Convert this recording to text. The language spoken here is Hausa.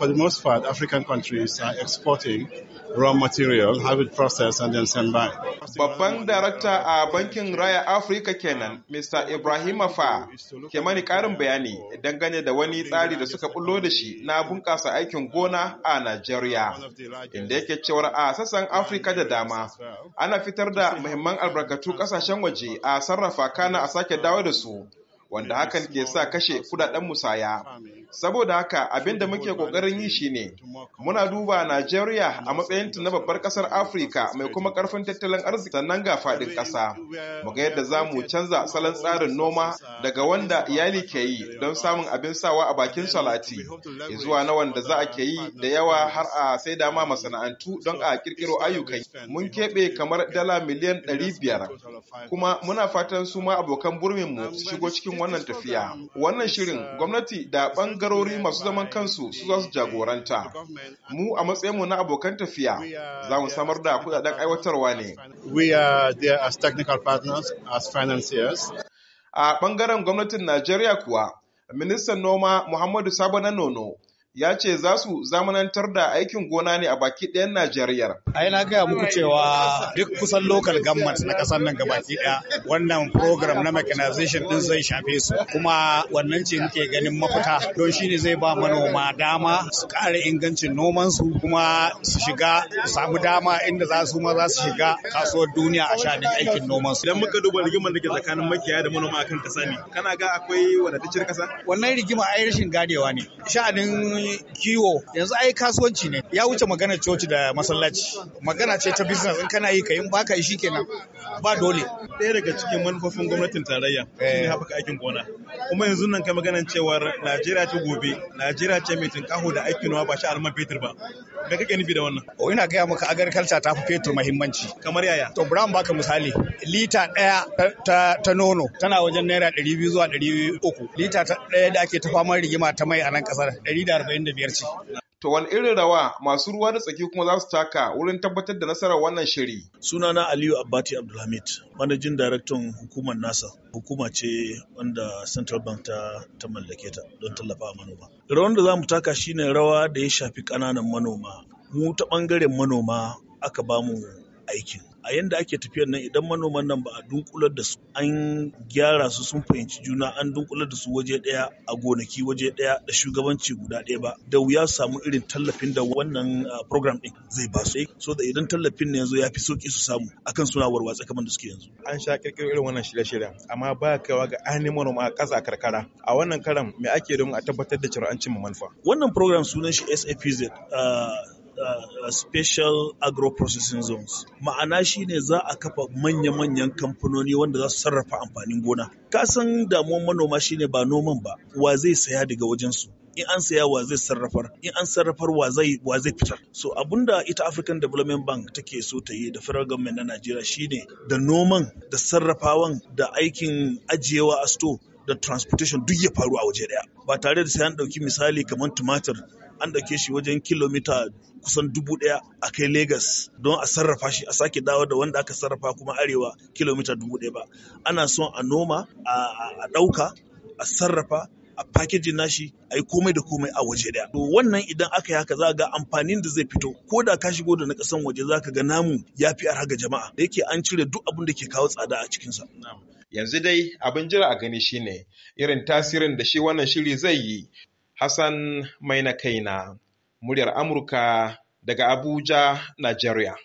For the most part, African countries are exporting raw material, have it processed and then send back. Babban darakta a Bankin Raya Afirka kenan, Mr. Ibrahim Afa, ke mani karin bayani dangane da wani tsari da suka bullo da shi na bunƙasa aikin gona a Najeriya. Inda yake cewar a sassan Afrika da dama, ana fitar da muhimman albarkatu ƙasashen waje a sarrafa kana a sake dawo da su. wanda hakan ke sa kashe kudaden musaya. Saboda haka abin da muke kokarin yi shine muna duba Najeriya a matsayinta na babbar kasar Afrika mai kuma karfin tattalin arziki sannan ga faɗin ƙasa. Muga yadda za mu canza salon tsarin noma daga wanda iyali ke yi don samun abin sawa a bakin salati zuwa na wanda za a ke yi da yawa har a sai dama masana'antu don a kirkiro ayyukan mun keɓe kamar dala miliyan ɗari biyar, kuma muna fatan su ma abokan burminmu su shigo cikin wannan tafiya. Wannan shirin gwamnati da bangarori masu zaman kansu su za su jagoranta. Mu a matsayinmu na abokan tafiya za mu samar da kudaden aiwatarwa ne. We are there as technical partners, as financiers. A ɓangaren gwamnatin Najeriya kuwa, ministan noma Muhammadu Sabo na Nono ya ce za su zamanantar da aikin gona ne a baki ɗayan Najeriya. Ai na gaya muku cewa duk kusan local government na ƙasar nan gabaki ɗaya wannan program na mechanization ɗin zai shafe su kuma wannan ce muke ganin mafita don shine zai ba manoma dama su ƙara ingancin nomansu kuma su shiga samu dama inda za su ma za su shiga kasuwar duniya a shaɗin aikin nomansu. Idan muka duba rigimar da ke tsakanin makiyaya da manoma akan ƙasa ne kana ga akwai wadataccen ƙasa? Wannan rigima ai rashin gadewa ne sha'anin kiwo yanzu ai kasuwanci ne ya wuce magana coci da masallaci magana ce ta business in kana yi ka yin baka yi shikenan ba dole ɗaya daga cikin manufofin gwamnatin tarayya shine eh. haɓaka aikin gona kuma yanzu nan kai maganan cewar Najeriya ce gobe Najeriya ce mai tunkaho da aikin noma ba shi alman fetur ba Me kake nufi da wannan? O oh, ina gaya maka agriculture ta fi fetur muhimmanci. Kamar yaya? To Brown baka misali lita ɗaya ta nono tana wajen naira ɗari biyu zuwa ɗari uku. Lita ɗaya da ake ta faman rigima ta mai a nan ƙasar ɗari da arba'in da biyar ce. To wani irin rawa masu ruwa da tsaki kuma za su taka wurin tabbatar da nasarar wannan shiri? Sunana Aliyu Abbati Abdulhamid, manajin daraktan hukumar NASA. Hukuma ce wanda Central Bank ta, mallake ta don tallafa a manoma. Rawan da za mu taka shine rawa da ya shafi ƙananan manoma. Mu ta ɓangaren manoma aka bamu aikin. a yanda ake tafiyar nan idan manoman nan ba a dunkular da su an gyara su sun fahimci juna an dunkular da su waje ɗaya a gonaki waje ɗaya da shugabanci guda ɗaya ba da wuya samu irin tallafin da wannan program ɗin zai ba su so da idan tallafin ne yanzu ya fi sauki su samu akan suna warwatsa kamar da suke yanzu an sha kirkiro irin wannan shirye-shiryen amma ba kaiwa ga ainihin manoma a ƙasa karkara a wannan karan me ake don a tabbatar da cewa an cimma manufa wannan program sunan shi SAPZ special agro-processing zones ma'ana shine za a kafa manya-manyan kamfanoni wanda za su sarrafa amfanin gona kasan damuwar manoma shine ba noman ba wa zai saya daga wajensu in an saya wa zai sarrafar in an sarrafar wa zai wa zai fitar so abunda ita African Development Bank take so ta yi da federal government na Najeriya shine da noman da sarrafawan da aikin ajiyewa a store da transportation duk ya faru a waje daya ba tare da sai an ɗauki misali kamar tumatir an ɗauke shi wajen kilomita kusan dubu daya a kai Legas don a sarrafa shi a sake dawo da wanda aka sarrafa kuma arewa kilomita dubu daya ba. Ana son a noma, a ɗauka, a sarrafa, a fakejin nashi a yi komai da komai a waje daya. To wannan idan aka yi haka za ga amfanin da zai fito ko da ka shigo da na kasan waje za ka ga namu ya fi arha ga jama'a da yake an cire duk abin da ke kawo tsada a cikinsa. Yanzu dai abin jira a gani shine irin tasirin da shi wannan shiri zai yi. Hassan Mai na kaina, muryar Amurka daga Abuja, Najeriya.